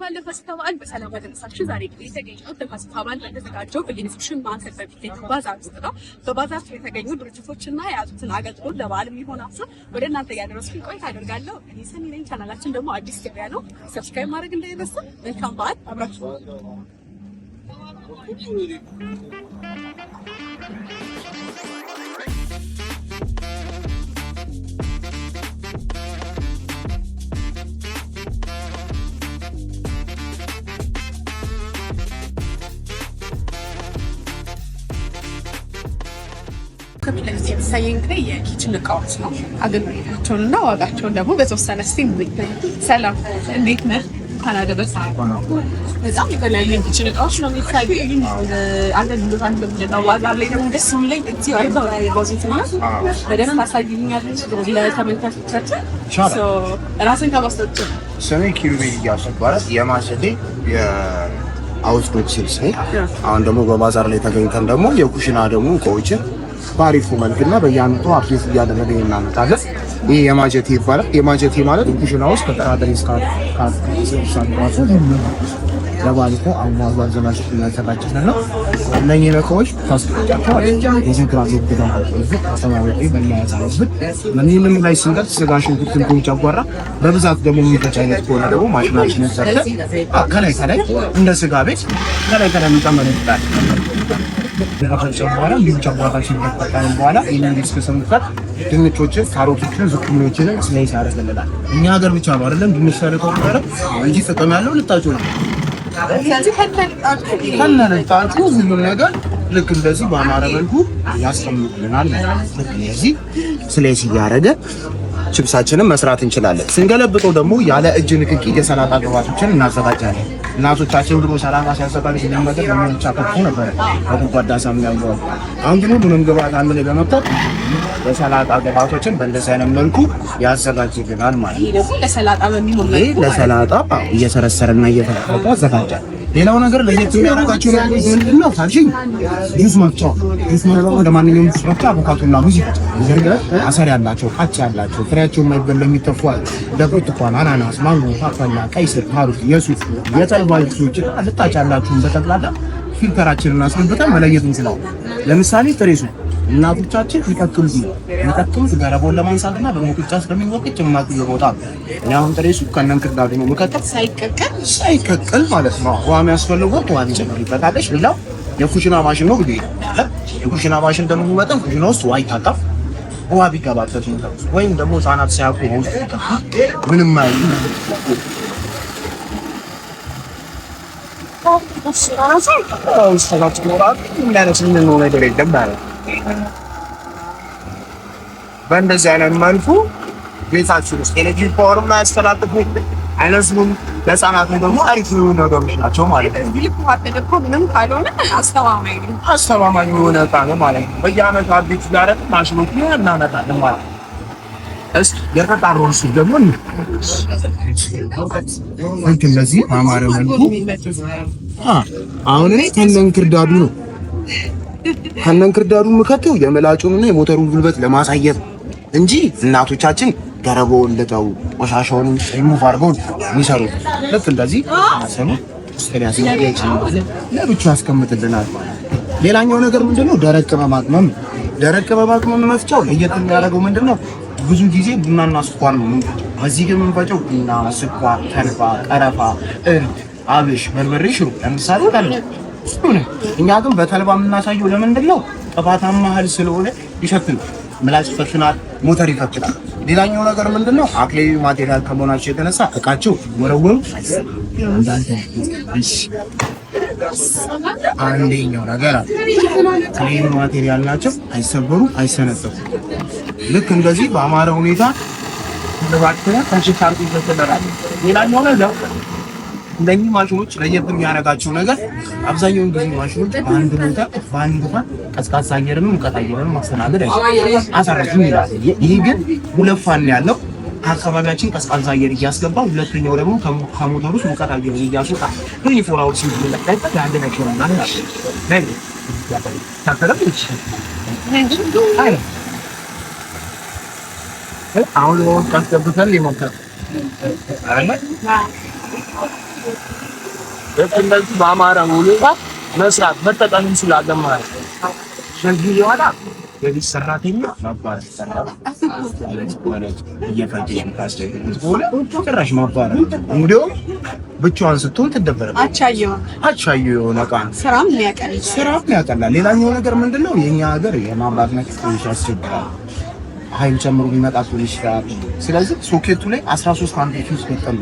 ባለፈው ስተባል በሰላም አደረሳችሁ። ዛሬ ግን የተገኘው በፋሲካ በዓል በተዘጋጀው በኢግዚቢሽን ማዕከል በፊት ባዛር ውስጥ ነው። በባዛር ውስጥ የተገኙ ድርጅቶችና የያዙትን አገልግሎት ለበዓል የሚሆን ሀሳብ ወደ እናንተ እያደረስኩኝ ቆይታ አደርጋለሁ። እኔ ሰሚ ነኝ። ቻናላችን ደግሞ አዲስ ገበያ ነው። ሰብስክራይብ ማድረግ እንዳይረሳ። መልካም በዓል አብራችሁ የሚያሳይ እንግዲህ የኪችን እቃዎች ነው አገልግሎታቸውን እና ዋጋቸውን ደግሞ በተወሰነ ስ ሰላም፣ እንዴት ነህ? በጣም የተለያዩ የኪችን እቃዎች ነው የሚታዩ። አገልግሎት ዋጋ ላይ ደግሞ ደስ የሚለኝ በደንብ አሳይኛል ለተመልካቾቻችን ራስን ከማስጠጭ ስሜ ኪሩቤል እያሱ ይባላል። የማሸቴ የአውትዶር ሴልስ ነኝ። አሁን ደግሞ በባዛር ላይ ተገኝተን ደግሞ የኩሽና ደግሞ እቃዎችን በአሪፉ መልክና በየአመቱ አፕዴት እያደረገ እናመጣለን። ይህ የማጀቴ ይባላል። የማጀቴ ማለት ኩሽና ውስጥ ከጠራጠሪ ስካሳንቋሶ ለባልኮ አዋዙ አዘጋጅ ያዘጋጅለ ነው። እነኚህ ነገሮች ምንም ላይ ስንቀት ስጋሽን ትንትን ጨጓራ በብዛት ደግሞ የሚፈጭ አይነት ከሆነ ደግሞ ማሽናችን ከላይ ከላይ እንደ ስጋ ቤት ከላይ ከላይ የሚጨመር ይችላል ከፈጨም በኋላ ሌሎች አጉራታችን ከተጠቀምን በኋላ ዲስክ እስከሰሙታት ድንቾችን፣ ካሮቶችን፣ ዝኩሚዎችን ስላይስ ያደርግልናል። እኛ ሀገር ብቻ ነው አይደለም ድንች ታሪኮ ያረ እንጂ ጥቅም ያለው ልጣጩ ነው። ከነ ልጣጩ ሁሉም ነገር ልክ እንደዚህ በአማረ መልኩ ያስቀምጥልናል። ስለዚህ ስለይ ሲያረገ ችብሳችንን መስራት እንችላለን። ስንገለብጠው ደግሞ ያለ እጅ ንክኪ የሰላጣ ግባቶችን እናዘጋጃለን። እናቶቻችን ድሮ ሰላማ ሲያሰጣል ሲለመጠ ሚቻከፉ ነበር በጎድጓዳ ሳህን የሚያምሩ። አሁን ግን ሁሉንም ግብአት አንድ ላይ በመፍጠር የሰላጣ ግብአቶችን በእንደዚህ አይነት መልኩ ያዘጋጅልናል ማለት ነው። ለሰላጣ እየሰረሰረና እየተፈቀ ያዘጋጃል። ሌላው ነገር ለየት የሚያደርጋቸው ነው ታልሽኝ ጁስ መፍጫው ጁስ መፍጫው ለማንኛውም ጁስ መፍጫ አቮካዶና ሙዝ ይፈጫል። አሰር ያላቸው ቃጭ ያላቸው ፍሬያቸው የማይበሉ የሚተፉ ብርቱካን፣ አናናስ፣ ማንጎ፣ ፓፓያ፣ ቀይስር፣ ስር፣ ካሮት፣ የሱፍ የተልባ ጁሶች ልጣጭ ያላችሁን በጠቅላላ ፊልተራችንን አስገብተን መለየት እንችላለን። ለምሳሌ ጥሬ ሱፍ እናቶቻችን ይቀጥሉት ነው ይቀጥሉት ገረቦን ለማንሳትና በሙቀጫ ስለሚወቅ ጭማቂ እየቦጣ እኔ አሁን ጥሬ ከነን ከነንክርዳዱ ነው መከተል ሳይቀቀል ሳይቀቀል ማለት ነው። ውሃ የሚያስፈልገው ውሃ ጨምሪበታለሽ። ሌላው የኩሽና ማሽን ነው ብዬ የኩሽና ማሽን እንደምኑ መጠን ኩሽና ውስጥ ውሃ ይታጠፍ ውሃ ቢገባበት ወይም ደግሞ ህጻናት ሳያውቁ ውስጥ ምንም አይ ነገር የለም ማለት ነው። በእንደዚህ አይነት መልኩ ቤታችን ውስጥ ኤነርጂ ፓወር የማያስተላልፉ አይነስሙም። ለህፃናት ደግሞ አሪፍ ነገሮች ናቸው ማለት ነው። አስተማማኝ የሆነ እቃ ነው ማለት ነው። በየአመቱ አቤት ላረግ ማሽኖች እናመጣለን ማለት ነው። እስኪ የተጣራውን ደግሞ አሁን እኔ ከነ እንክርዳዱ ነው ከነን ክርዳዱ የምከተው የመላጩንና የሞተሩን ጉልበት ለማሳየት እንጂ እናቶቻችን ገረበውን ልጠው ቆሻሻውን ሪሙቭ አድርገው የሚሰሩት ልክ እንደዚህ ሰኑ ለብቻ ያስቀምጥልናል። ሌላኛው ነገር ምንድነው? ደረቅ ቅመማ ቅመም። ደረቅ ቅመማ መፍጫው ለየት የሚያደርገው ምንድነው? ብዙ ጊዜ ቡናና ስኳር ነው። በዚህ ግን የምንፈጨው ቡና፣ ስኳር፣ ተልባ፣ ቀረፋ፣ እርድ፣ አብሽ፣ በርበሬ፣ ሽሮ ለምሳሌ እኛ ግን በተልባ የምናሳየው ለምንድን ነው? ጥፋታማ እህል ስለሆነ ይሸፍናል፣ ምላስ ይፈትናል፣ ሞተር ይፈትናል። ሌላኛው ነገር ምንድን ነው? ማቴሪያል ከመሆናቸው የተነሳ እቃቸው ወረወሩ። አንደኛው ነገር አለ። ክሌም ማቴሪያል ናቸው፣ አይሰበሩ፣ አይሰነጠፉ። ልክ እንደዚህ በአማረ ሁኔታ ተሽካርቱ ይፈትናል። ሌላኛው ነገር እነዚህ ማሽኖች ለየት የሚያደርጋቸው ነገር አብዛኛውን ጊዜ ማሽኖች በአንድ ቦታ በአንድ ቦታ ቀዝቃዛ አየርንም ሙቀት አየርንም ማስተናገድ አሰራጭም ይላል። ይህ ግን ሁለት ፋን ያለው አካባቢያችን ቀዝቃዛ አየር እያስገባ፣ ሁለተኛው ደግሞ ከሞተር ውስጥ ሙቀት አየር እያስወጣ ዩኒፎር አውር ሲመለከት ያለ ነገር ናለ አሁን ሆን ካስገብተን ይሞከር ልክ እንደዚህ በአማረ ሁኔታ መስራት መጠቀም እንችላለን ማለት ነው። ከዚህ በኋላ የቤት ሰራተኛ ማባረር ማባረር። እንዲያውም ብቻዋን ስትሆን ትደበራለች። የሆነ ዕቃ ስራም ያቀላል፣ ሌላኛው ነገር ምንድን ነው የኛ ሀገር የማምራት ነገር ትንሽ ያስቸግራል። ጨምሮ ቢመጣ ይችላል። ስለዚህ ሶኬቱ ላይ 13 አንድ ፊውዝ መጠን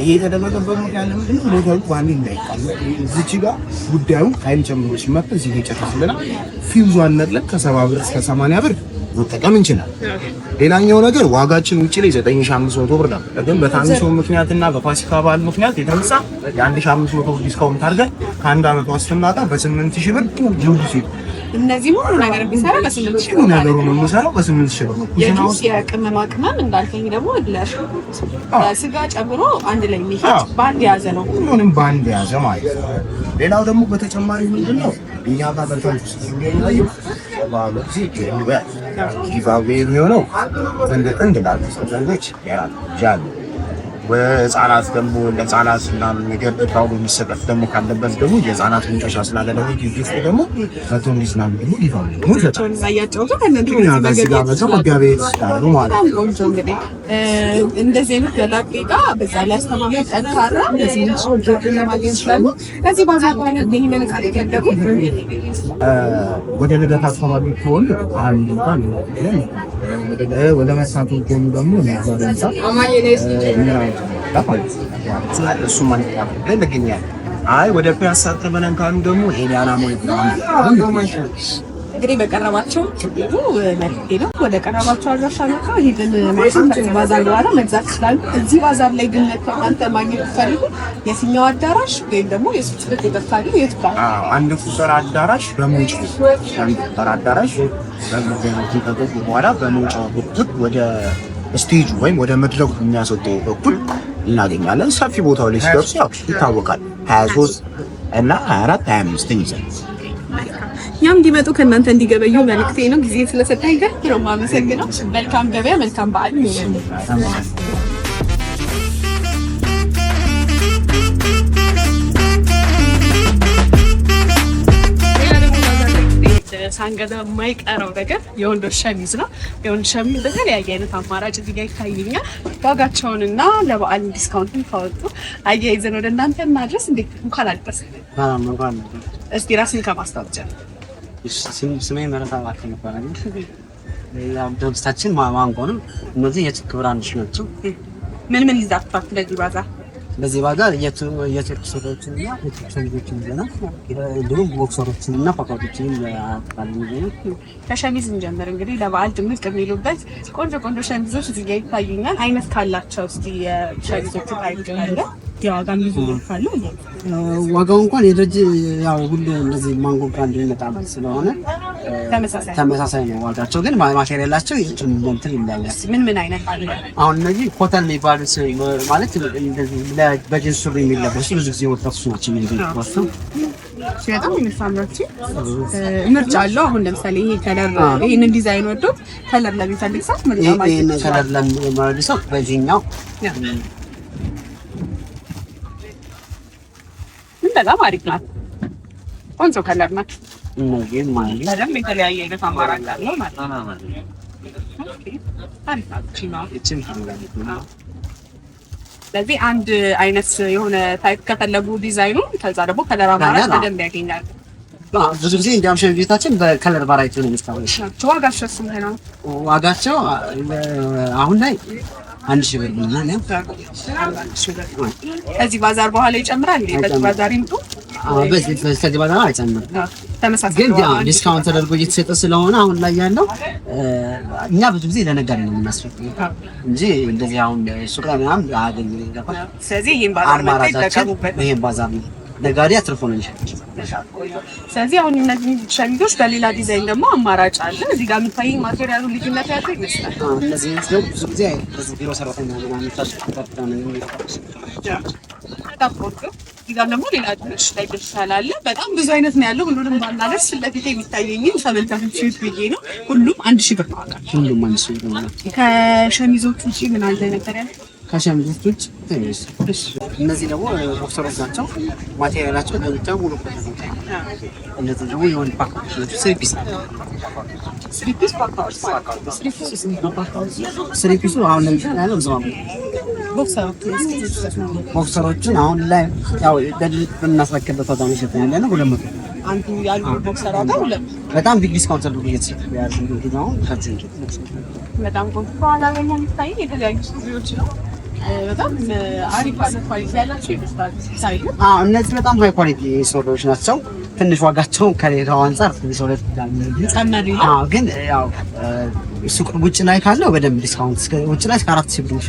ይሄ የተደረገበት ምክንያት ምንድን ነው? ሞተሩ በአንድ እንዳይቀመጥ እዚች ጋር ጉዳዩ ኃይል ጨምሮ ሲመጣ እዚህ ይጨርስልና ፊውዟን ነቅለን ከሰባ ብር እስከ ሰማንያ ብር መጠቀም እንችላል። ሌላኛው ነገር ዋጋችን ውጭ ላይ 9500 ብር ነበር፣ ግን በታንሶ ምክንያትና በፋሲካ በዓል ምክንያት የተነሳ የ1500 ብር ዲስካውንት አድርገን ከአንድ አመት ዋስትና ጋር በ8000 ብር ሲል እነዚህ ሁሉ ነገር ቢሰራ በስምንት ሺህ ነው ነገሩ ነው የምሰራው በስምንት ሺህ ነው። የጁስ የቅመማ ቅመም እንዳልከኝ ደግሞ ለሽንኩርት ስጋ ጨምሮ አንድ ላይ የሚሄድ በአንድ የያዘ ነው። ሁሉንም በአንድ የያዘ ማለት ነው። ሌላው ደግሞ በተጨማሪ ምንድን ነው እኛ ጋር የሚሆነው ጥንድ ጥንድ ላሉ ሰዎች ያሉ ህጻናት ደግሞ ለህጻናት ምናምን ነገር ፓውሎ የሚሰጠት ደግሞ ካለበት ደግሞ የህጻናት ምንጮሻ ስላለ ደግሞ ጊዜ ደግሞ መቶ ሚዝናም ደግሞ እንደዚህ አይነት ገላቂ ጋ በዛ ላይ አስተማማኝ ጠንካራ ለማግኘት ከዚህ ይህንን ወደ ልደት አካባቢ ከሆን ወደ መሳቱ ጎኑ ደግሞ ጋር ማለት ነው። እሱ ማለት ላይ መገኛል። አይ ወደ ፒያሳ ተመነን ካሉ ደግሞ ይሄን ያላማው እንግዲህ በቀረባቸው ችግሩ መልክቴ ነው። ወደ ቀረባቸው አድራሻ ነካ ሂድን ማሳቸው ባዛር በኋላ መግዛት ይችላሉ። እዚህ ባዛር ላይ ግን አንተ ማግኘት ትፈልጉ የትኛው አዳራሽ ወይም ደግሞ የስብስበት የጠፋሉ የት ባል አንድ ቁጥር አዳራሽ በመውጫ አንድ ቁጥር አዳራሽ በመገኘትን ከገቡ በኋላ በመውጫ ወደ ስቴጅ ወይም ወደ መድረኩ የሚያስወጣው በኩል እናገኛለን። ሰፊ ቦታው ላይ ሲደርሱ ያው ይታወቃል። 23 እና 24 25 ይዘን ያም እንዲመጡ ከእናንተ እንዲገበዩ መልክቴ ነው። ጊዜ ስለሰጠኝ ጋር ነው የማመሰግነው። መልካም ገበያ፣ መልካም በዓል። ሳንገዛ የማይቀረው ነገር የወንዶች ሸሚዝ ነው። የወንዶች ሸሚዝ በተለያየ አይነት አማራጭ እዚህ ጋር ይታይኛል። ዋጋቸውንና ለበዓል ዲስካውንትን ካወጡ አያይዘን ወደ እናንተ እናድረስ። እንዴት እንኳን አልደረሰ እስኪ ራስን ከማስታወቅ ጀምር። ስሜ መረታ ባክ ይባላል። ድርጅታችን ማንጎንም እነዚህ የችክ ብራንዶች ናቸው። ምን ምን ይዛችኋል ለዚህ ባዛ በዚህ ባዛር የቱርክ ሴቶችን እና የቱርክ ልጆችን ይዘናል። እንዲሁም ቦክሰሮችን እና ፏፏቴዎችን ከሸሚዝ እንጀምር። እንግዲህ ለበዓል ድምቅ የሚሉበት ቆንጆ ቆንጆ ሸሚዞች እዚህ ጋ ይታዩኛል። አይነት ካላቸው እስኪ የሸሚዞቹ ታይቶ ያለ ዋጋው እንኳን የደረጀ ያው ሁሉ እንደዚህ ማንጎ ብራንድ የሚመጣ ስለሆነ ተመሳሳይ ነው ዋጋቸው። ግን ማቴሪያላቸው እንትን ይለያል። ምን ምን አይነት አሁን እነዚህ ኮተን የሚባሉት ማለት በጅንስ ሱሪ የሚለበሱ ብዙ ጊዜ ወጣቶች ናቸው የሚለበሱ በጣም የሚሳምራችን ምርጫ አለው። አሁን ለምሳሌ ይሄ ከለር ይሄንን ዲዛይን ወዶት ከለር ለሚፈልግ ሰው ምርጫ ማለት ነው። ከለር ለሚፈልግ ሰው በዚህኛው በጣም አሪፍ ናት። ቆንጆ ከለር ናት። በደንብ የተለያየ አይነት አማራጭ አለው ስለዚህ አንድ አይነት የሆነ ታይፕ ከፈለጉ ዲዛይኑ፣ ከዛ ደግሞ ከለር አማራጭ በደንብ ያገኛል። ብዙ ጊዜ እንዲያም ሸሚዞቻችን በከለር ቫራይቲ ነው የሚታወቁ። ዋጋቸው አሁን ላይ አንድ ሺህ ብር ብለናል። ከዚህ ባዛር በኋላ ይጨምራል። በዚህ ባዛር ይምጡ። ከዚህ ባዛር አይጨምርም፣ ግን ዲስካውንት ተደርጎ እየተሰጠ ስለሆነ አሁን ላይ ያለው እኛ ብዙ ጊዜ ለነጋዴ ነው የምናስፈቅደው እንጂ እንደዚህ አሁን ሱቅ ምናምን አያገኝም። ስለዚህ ይህን ባዛር ይህን ባዛር ነው ነጋዴ አትርፎ ነው የሚሸጥ። ስለዚህ አሁን እነዚህ ሸሚዞች በሌላ ዲዛይን ደግሞ አማራጭ አለ። እዚህ ጋር የምታይ ማቴሪያሉ ልዩነት ያለው ይመስላል። እነዚህ ደግሞ ብዙ ቢሮ ሰራተኛ እዚጋም ደግሞ ሌላ ድርሽ ላይ ድርሻ በጣም ብዙ አይነት ነው ያለው። ሁሉንም ባናደርስ ለፊት የሚታየኝም ተመልካቾች ብዬ ነው። ሁሉም አንድ ሺህ ብር ከሸሚዞች ውጭ ምን አለ ነበር ያለው? ካሽም ልጆች እነዚህ ደግሞ ቦክሰሮች ናቸው። ማቴሪያላቸው ለብቻ ሙሉ እነዚህ ደግሞ የሆን ስሪፒስ ስሪፒሱ አሁን ለምሳሌ ያለው ዝማ ቦክሰሮችን አሁን ላይ ያው ለድርጅት በምናስረክበት ዋጋ መሸጥ ያለ ነው ሁለት መቶ በጣም ቢግ ዲስካውንት አድርጎ እየተሰጠ ያለ ነው። አሁን ከዚህ በጣም ቆንጆ የተለያዩ ስቱዲዮች ነው በጣም አሪፍ ኳሊቲ ያላቸው ይመስላል። እነዚህ በጣም ሀይ ኳሊቲ ሶሎዎች ናቸው። ትንሽ ዋጋቸው ከሌላው አንጻር ትንሽ ሁለት ግን ያው ሱቅ ውጭ ላይ ካለው በደንብ ዲስካውንት ውጭ ላይ እስከ አራት ሺህ ብር ነው።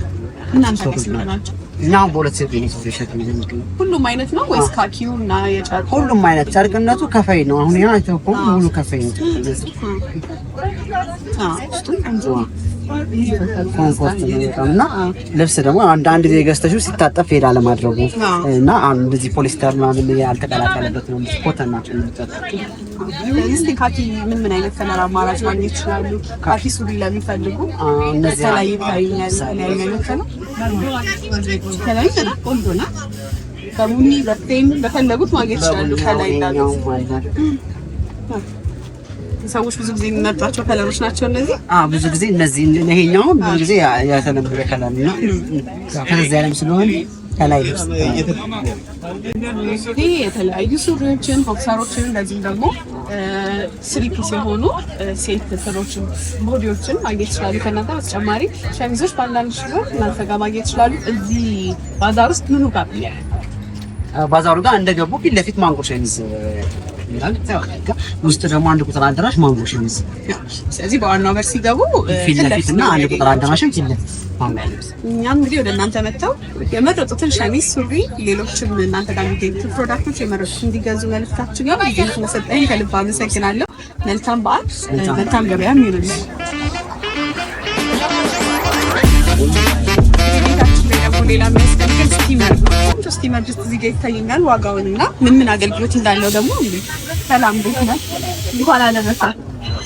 እኛ አሁን በሁለት ሺህ ነው ሁሉም አይነት ነው ወይስ ካኪው እና ሁሉም አይነት ጨርቅነቱ ከፈይ ነው። አሁን ያ ሙሉ ከፈይ ነው። ኮምፎርት ነው እና ልብስ ደግሞ አንድ ጊዜ ገዝተሽው ሲታጠፍ ሄዳ ለማድረጉ እና እንደዚህ ፖሊስተር ምናምን ያልተቀላቀለበት ነው። ኮተን ናቸው የሚጠጡት። ካኪ ምን ምን አይነት ከለር አማራጭ ማግኘት ይችላሉ? ካኪ ሱሪ ለሚፈልጉ ከላይ ይታዩኛል። ከላይ ቆንጆ ነው። በቡኒ በፌም በፈለጉት ማግኘት ይችላሉ። ከላይ እንዳሉ ሰዎች ብዙ ጊዜ የሚመርጧቸው ከለሮች ናቸው እነዚህ። አዎ ብዙ ጊዜ እነዚህ ይሄኛው ብዙ ጊዜ ያተነበረ ከለር ነው። ከዛ ያለም ስለሆነ ከላይ ልብስ ይሄ የተለያዩ ሱሪዎችን፣ ቦክሰሮችን እንደዚህም ደግሞ ስሪፕ ሲሆኑ ሴት ስሮችን ቦዲዎችን ማግኘት ይችላሉ። ከእናንተ በተጨማሪ ሸሚዞች በአንዳንድ ሽሮ እናንተ ጋር ማግኘት ይችላሉ። እዚህ ባዛር ውስጥ ምኑ ጋር ባዛሩ ጋር እንደገቡ ፊት ለፊት ማንጎ ሸሚዝ ውስጥ ደግሞ አንድ ቁጥር አዳራሽ ማንጎ ሺህ ስለዚህ በዋናው በር ሲገቡ ፊት ለፊት እና አንድ ቁጥር አዳራሽም ፊት ለፊት እኛም እንግዲህ ወደ እናንተ መጥተው የመረጡትን ሸሚዝ፣ ሱሪ፣ ሌሎችም እናንተ ጋር የሚገኙትን ፕሮዳክቶች የመረጡት እንዲገዙ መልዕክታችን ጋር ጊዜ ስለሰጠኝ ከልብ አመሰግናለሁ። መልካም በዓል፣ መልካም ገበያ የሚሉል ሌላ የሚያስፈልገን ስቲመር ነው። አገልግሎቶች ሲመርጅት እዚህ ጋር ይታየኛል። ዋጋውን እና ምን ምን አገልግሎት እንዳለው ደግሞ ሰላም ቤት ነው። እንኳን አለበሳ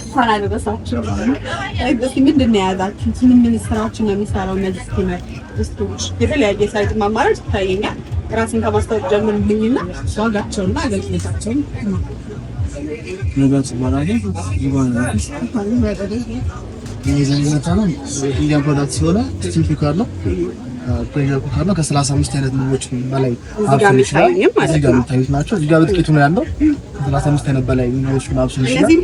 እንኳን አለበሳችሁ። ምንድን ነው የያዛችሁት? ምን ምን ስራዎችን ነው የሚሰራው? እነዚህ ስቲመርጅቶች የተለያየ ሳይት ማማራጭ ይታየኛል። ራስን ከማስታወቅ ጀምርልኝና ዋጋቸውና አገልግሎታቸውን ነው ፕሬዠር ነው። ከሰላሳ አምስት አይነት ምግቦች በላይ ማብሰል ይችላል። እዚህ ጋር የምታዩት ናቸው። እዚህ ጋር በጥቂቱ ነው ያለው። ከሰላሳ አምስት አይነት በላይ ምግቦች ማብሰል ይችላል። እዚህ ጋር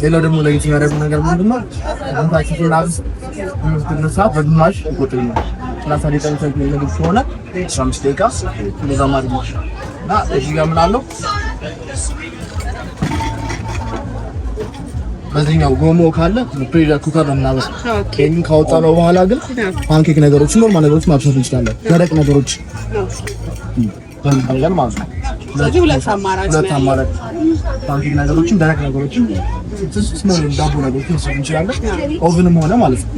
ሌላው ደግሞ ለየት የሚያደርጉ ነገር ምንድነው? በምስክርነት ሰዓት በግማሽ ይቆጥሩኛል። ሰላሳ ደቂቃ ምግብ ከሆነ አስራ አምስት ደቂቃ እንደዛ ማድረግ ይሻላል እና እዚህ ጋር ምናለው በዚህኛው ጎሞ ካለ ፕሬሸር ኩከር ነው በኋላ ግን ፓንኬክ ነገሮችን፣ ኖርማል ነገሮች ማብሰል እንችላለን። ደረቅ ነገሮች ማለት ነው ስለዚህ ሁለት አማራጭ ፓንኬክ ነገሮችን ደረቅ ነገሮችን ዳቦ ነገሮችን መስራት እንችላለን። ኦቨንም ሆነ ማለት ነው።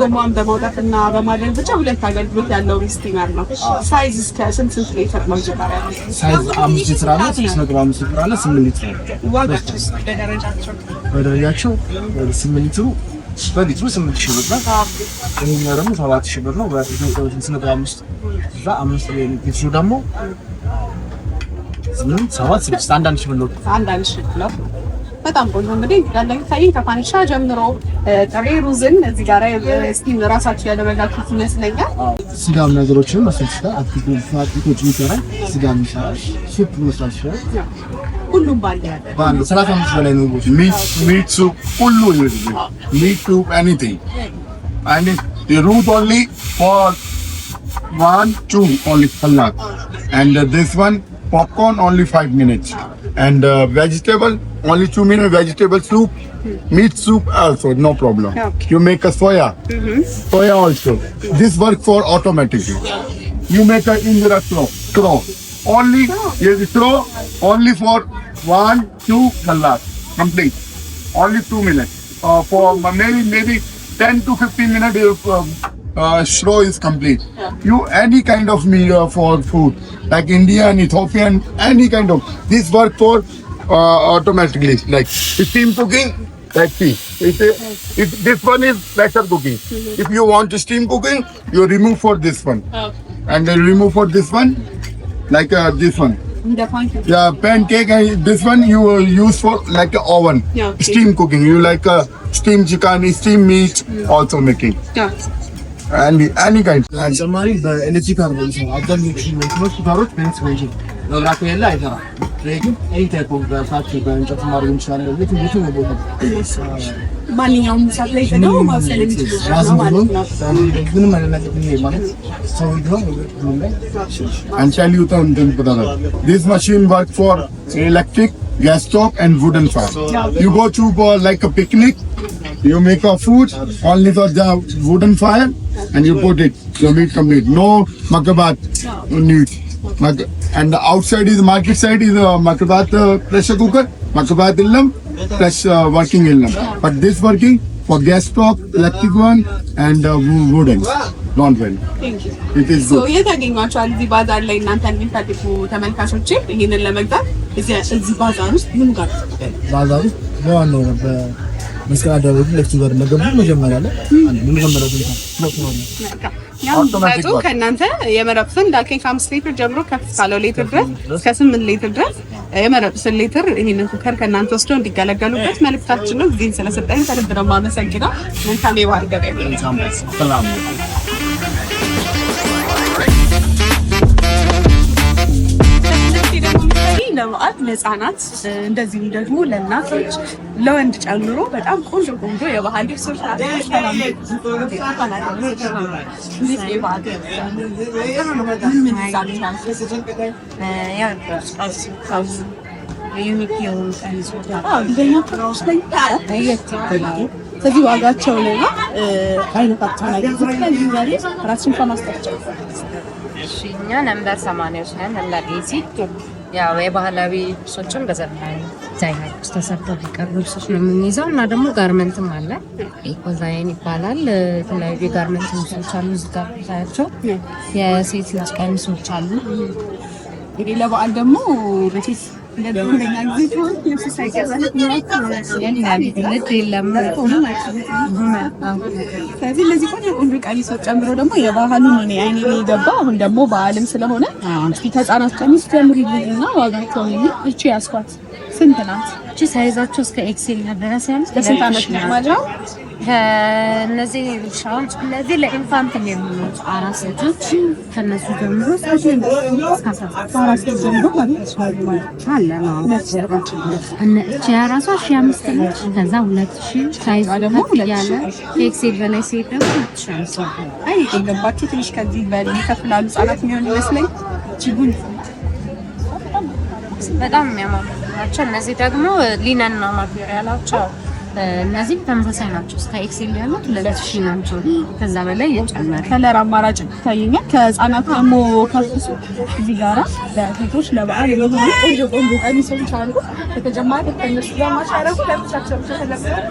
ጎማን በማውጣት እና በማድረግ ብቻ ሁለት አገልግሎት ያለው ስቲመር ነው። ሳይዝ እስከ ስንት ስንት ሊትር ነው? ሳይዝ አምስት ሊትር አለ፣ ስድስት ነጥብ አምስት ሊትር አለ፣ ስምንት ሊትር በደረጃቸው ስምንት ሊትሩ በሊትሩ ስምንት ሺህ ብር ነው። ይሄኛው ደግሞ ሰባት ሺህ ብር ነው። አምስት ሊትሩ ደግሞ ስምንት ሰባት ስድስት አንዳንድ ሺህ ብር ነው። አንዳንድ ሺህ ነው። በጣም ቆንጆ እንግዲህ ያለ የሚታየኝ ከፋንዲሻ ጀምሮ ጥሬ ሩዝን እዚህ ጋር እስኪ ራሳችሁ ያደረጋችሁት ይመስለኛል። ስጋም ነገሮችን መስራት ይችላል። አትክልት አትክልቶችን ይሰራል። ስጋም ይሰራል። ሱፕ መስራት ይችላል። ሁሉም ባለ ባለ ሰላሳ አምስት በላይ ምግቦች ሚት ሚት ሱፕ ሁሉ ይመስል ሚት ሱፕ ኤኒቲንግ አንድ the root only for one two only salad and uh, this one popcorn only five minutes and uh, vegetable only two minute vegetable soup Meat soup also, no problem. Okay. You make a soya, mm-hmm. soya also. This work for automatically. You make a Indira throw, throw Only, yes, throw only for one, two, last complete. Only two minutes. Uh, for hmm. maybe, maybe 10 to 15 minutes, you, um, uh, uh, is complete. You any kind of meal for food, like Indian, Ethiopian, any kind of. This work for uh, automatically. Like steam cooking, like tea. If this one is pressure cooking. Mm-hmm. If you want steam cooking, you remove for this one. And then remove for this one, like uh, this one. Yeah, pancake and this one you will use for like a oven. Yeah, okay. Steam cooking. You like uh, steam chicken, steam meat mm. also making. Yeah. And any kind. And Somali, the energy carbon. Other nutrition, most of our things, Norako ಎಲ್ಲ ಇದರ ማንኛውም ሰዓት ላይ ደግሞ ማብሰል የሚችሉ ማለት ነው። And shall you turn them together? This machine works for electric, gas stove, and wooden fire. You go to for like a picnic, you make a food only for the wooden fire, and you put it. Your meat complete. No makabat need. Maka, and the outside is market side is uh, Makabat pressure cooker, Makabat illam plus working illam. But this working for gas stove, electric one, and ተመልካቾች ይህንን ለመግዛት እዚህ ባዛር ውስጥ ምን ጋር ባዛር ውስጥ መጀመሪያ ላይ ቱ ከእናንተ የመረጡትን እንዳልከኝ ከአምስት ሊትር ጀምሮ ከፍ ካለው ሊትር ድረስ እስከ ስምንት ሊትር ድረስ የመረጡትን ሊትር ይህንን ኩከር ከእናንተ ወስዶ እንዲገለገሉበት መልዕክታችን ነው። እዚህን ስለሰጠኝ ከልብ ነው የማመሰግነው። መልካም የባህል ገበያ ለበዓል ለህፃናት እንደዚሁም ደግሞ ለእናቶች ለወንድ ጨምሮ በጣም ቆንጆ ቆንጆ የባህል ልብሶች ከዚህ ዋጋቸው ነው አይነታቸው ነገር ስለዚህ ዛሬ ራሱን እኛ ነንበር ሰማንያዎች ነን ለጊዜ ያው የባህላዊ ልብሶችን በዘመናዊ ዲዛይን ውስጥ ተሰርተው ሊቀርቡ ልብሶች ነው የምንይዘው እና ደግሞ ጋርመንትም አለ። ኢኮዛይን ይባላል። የተለያዩ የጋርመንት ልብሶች አሉ። እዚህ ጋር ታያቸው የሴት ልጅ ቀሚሶች አሉ። እንግዲህ ለበዓል ደግሞ በሴት ስለዚህ ለዚህ ቆንጆ ቆንጆ ቀሚስ ጨምሮ ደግሞ የባህሉን እኔ አይኔ የገባ አሁን ደግሞ በዓልም ስለሆነ ህፃናት ህጻናት ቀሚስ ጀምሪልኝና ዋጋቸውን እቺ ያስኳት ስንት ናት? እቺ ሳይዛቸው እስከ ኤክሴል ድረስ ያሉት ለስንት አመት ነው? ከነዚህ ሻዎች እነዚህ ለኢንፋንት ከነሱ ጀምሮ እቺ የራሷ ሺ አምስት ነች። ከዛ ሁለት ሺ ሳይዝ ያለ ኤክሴል በላይ ሴት ደግሞ አይ የገባችሁ ትንሽ ከዚህ ህጻናት የሚሆን ይመስለኝ በጣም የሚያማሩ ናቸው። እነዚህ ደግሞ ሊነን ነው ማቴሪያላቸው። እነዚህም ተመሳሳይ ናቸው። እስከ ኤክሴል ያሉት ሁለት ሺህ ናቸው። ከዛ በላይ የጨመረ ከለር አማራጭ ይታየኛል። ከህፃናት ደግሞ ከፍሱ እዚህ ጋራ ለሴቶች ለበዓል የሆኑ ቆንጆ ቆንጆ ቀሚሶች አሉ። በተጨማሪ ከነሱ ጋር ማሻረጉ ለብቻቸው ተለብለው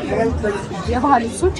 የባህል ልብሶች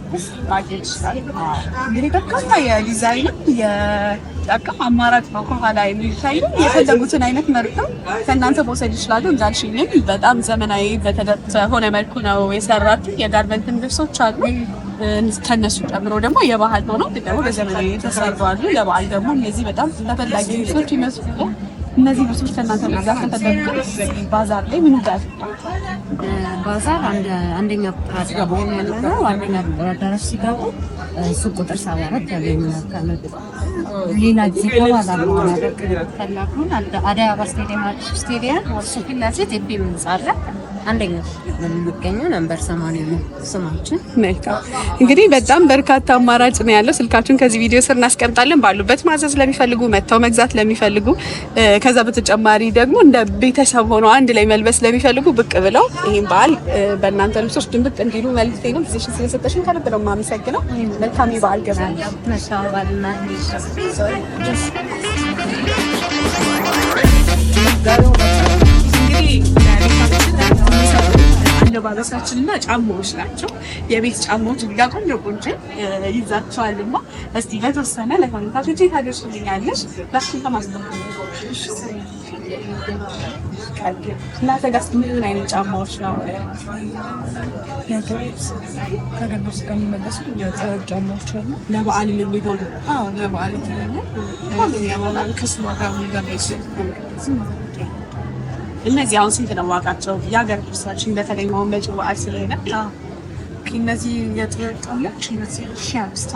ማግኘት ይችላል። እንግዲህ በርካታ የዲዛይንም አማራጭ ነው። ከኋላ የሚታዩ የፈለጉትን አይነት መርጠው ከእናንተ መውሰድ ይችላሉ። እንዳልሽኝም በጣም ዘመናዊ በሆነ መልኩ ነው የሰራችሁ። የጋርመንትም ልብሶች አሉ። ከነሱ ጨምሮ ደግሞ የባህል ሆነው ደግሞ በዘመናዊ ተሰርተዋሉ። ለበዓል ደግሞ እነዚህ በጣም ተፈላጊ ልብሶች ይመስሉ እነዚህ ልብሶች ከእናንተ መግዛት ከፈለጉ ባዛር ላይ ምን ይላል? ባዛር አንደኛ ነው። አንደኛ ቁጥር ሲገቡ እሱ ቁጥር ሰባ አራት ያገኛል። ሌላ ጊዜ አዳይ አበባ ስቴዲየም ስቴዲየም ወርሶ ፊት ለፊት የቢ ምንጻለ አንደኛ የሚገኘው ነንበር ሰማንያ ነው ስማችን። መልካም እንግዲህ በጣም በርካታ አማራጭ ነው ያለው። ስልካችሁን ከዚህ ቪዲዮ ስር እናስቀምጣለን። ባሉበት ማዘዝ ለሚፈልጉ መጥተው መግዛት ለሚፈልጉ ከዛ በተጨማሪ ደግሞ እንደ ቤተሰብ ሆኖ አንድ ላይ መልበስ ለሚፈልጉ ብቅ ብለው ይህም በዓል በእናንተ ልብሶች ድንብቅ እንዲሉ መልክቴ ነው። ጊዜሽን ስለሰጠሽን ከልብ ነው የማመሰግነው። መልካም የበዓል ገበያ እንግዲህ አለባበሳችን እና ጫማዎች ናቸው። የቤት ጫማዎች እንግዳ ቆንጆ ቆንጆ ይዛቸዋል። ማ እስቲ ለተወሰነ ለተመልካቾች ታደርሱልኛለሽ ላሽን ከማስጠቀ እናንተ ጋር ምን አይነት ጫማዎች ነው? ከገባ ውስጥ ከሚመለሱ ጥበብ ጫማዎች አሉ። ለበዓል የሚሆኑ ለበዓል ከሱ ጋር እነዚህ አሁን ስንት ነው ዋጋቸው? የሀገር ቁርሳችን በተለይ መሆን በጭ በዓል ስለሆነ እነዚህ የጥበብ እነዚህ ሺ አምስት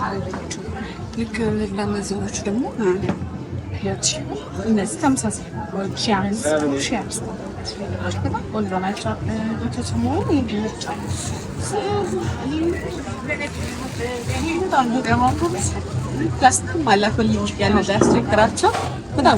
ልክ ለመዚኖቹ ደግሞ እነዚህ ተመሳሳይ ሺ አምስት ሺ አምስት በጣም ቆንጆ ናቸው። በተሰሞ ይጫ ደግሞ ያስቸግራቸው በጣም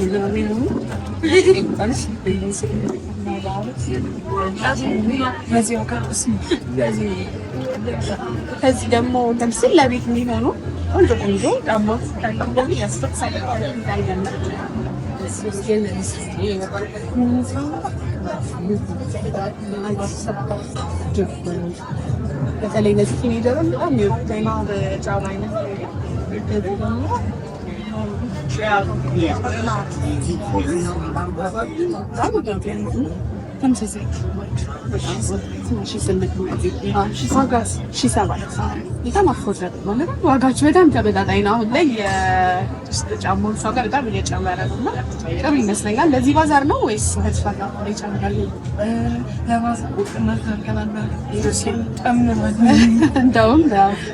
ከዚህ ደግሞ ለምስል ለቤት እንዲሆኑ ቆንጆ ቆንጆ ዳማ በተለይ ዋጋቸው በጣም ተመጣጣኝ ነው። አሁን ላይ የጫማዎች ዋጋ በጣም እየጨመረ ነው እና ጥሩ ይመስለኛል። ለዚህ ባዛር ነው ወይስ ህትፈላ እንደውም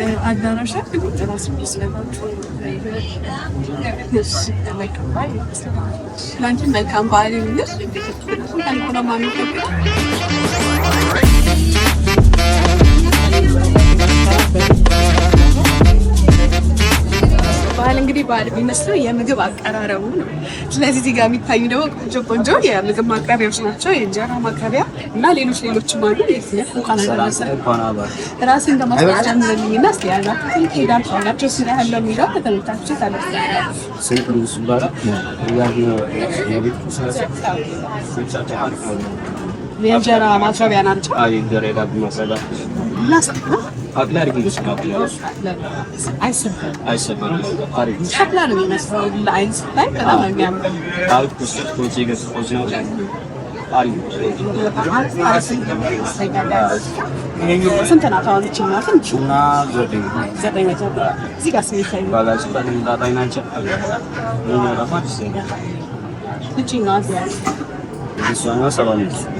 Ee, Adnan Aşak da burada nasıl izlemek. Bence mekan bayramıdır. Ben ona memnun ederim. ባህል እንግዲህ ባህል የሚመስለው የምግብ አቀራረቡ ነው። ስለዚህ እዚህ ጋር የሚታዩ ደግሞ ቆንጆ ቆንጆ የምግብ ማቅረቢያዎች ናቸው። የእንጀራ ማቅረቢያ እና ሌሎች ሌሎችም አሉ። ራስን እንደማስጫምዘልኝና ስያዛትን ሄዳል ናቸው ስለ ያለው የሚለው ከተመልካችሁ ታለ የእንጀራ ማቅረቢያ ናቸው። አብላርግን ስካብላው አይሰማም አይሰማም አሪፍ ሻፕላ ነው የሚመስለው ለአይን ስታይ በጣም ነው የሚያምር አሪፍ ውስጥ ኮጂ ገስ ኮጂ ነው አሪፍ ስንት ናት አሁን ይቺ ናት እንጂ እና ዘጠኝ ዘጠኝ መቶ እዚህ ጋር ስሜት ሳይ ባላጭ ጣጣይ ናቸው ይሄ ነው ራፋት ይሰኛል እቺ ናት እሷ ነው ሰባ ነው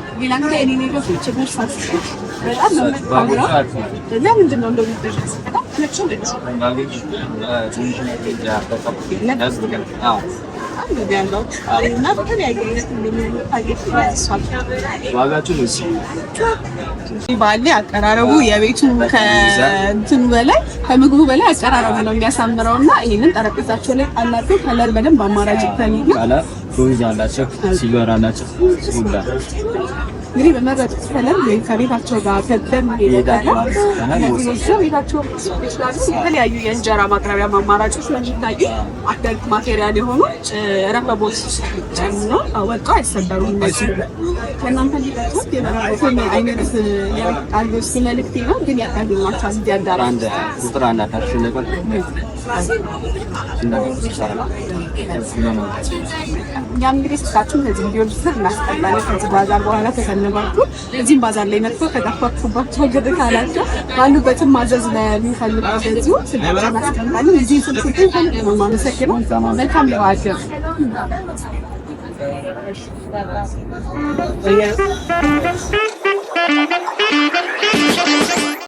ሌላም ላይ እኔ ነው በጣም ነው ለምንድን ነው እንደው ይደረስ በጣም አቀራረቡ የቤቱ ከእንትኑ በላይ ከምግቡ በላይ አቀራረቡ ነው የሚያሳምረው እና ይህንን ጠረጴዛቸው ላይ አላቸው ከለር በደንብ አማራጭ ተሚሉ 보이지 않았죠? 지결 않았죠? 죽인다. እንግዲህ በመረጡት ቀለም ወይም ከቤታቸው ጋር ገበም ቤታቸው ይችላሉ። የተለያዩ የእንጀራ ማቅረቢያ አማራጮች ለሚታዩ አዳልት ማቴሪያል የሆኑ ረከቦት ጨምኖ ወጡ አይሰበሩም። ከእናንተ ሊበት የመረጡትን አይነት ያቃሉ መልክቴ ነው። ግን ያቃሉማቸ እንዲያዳራ ቁጥር አንድ ነበር እኛም እንግዲህ ስታችሁን ከዚህ ቪዲዮ ስር እናስቀላለን ከዚህ ባዛር በኋላ ተሰ ካልፈለጓችሁ እዚህም ባዛር ላይ መጥቶ ከጠፋችሁባቸው ግድ ካላቸው ባሉበትም ማዘዝ ለሚፈልጉት እዚሁ ስልጣቸውን አስቀምጣለን። እዚህ ስልስጥ ፈልግ ነው ማመሰግነው። መልካም ለዋገር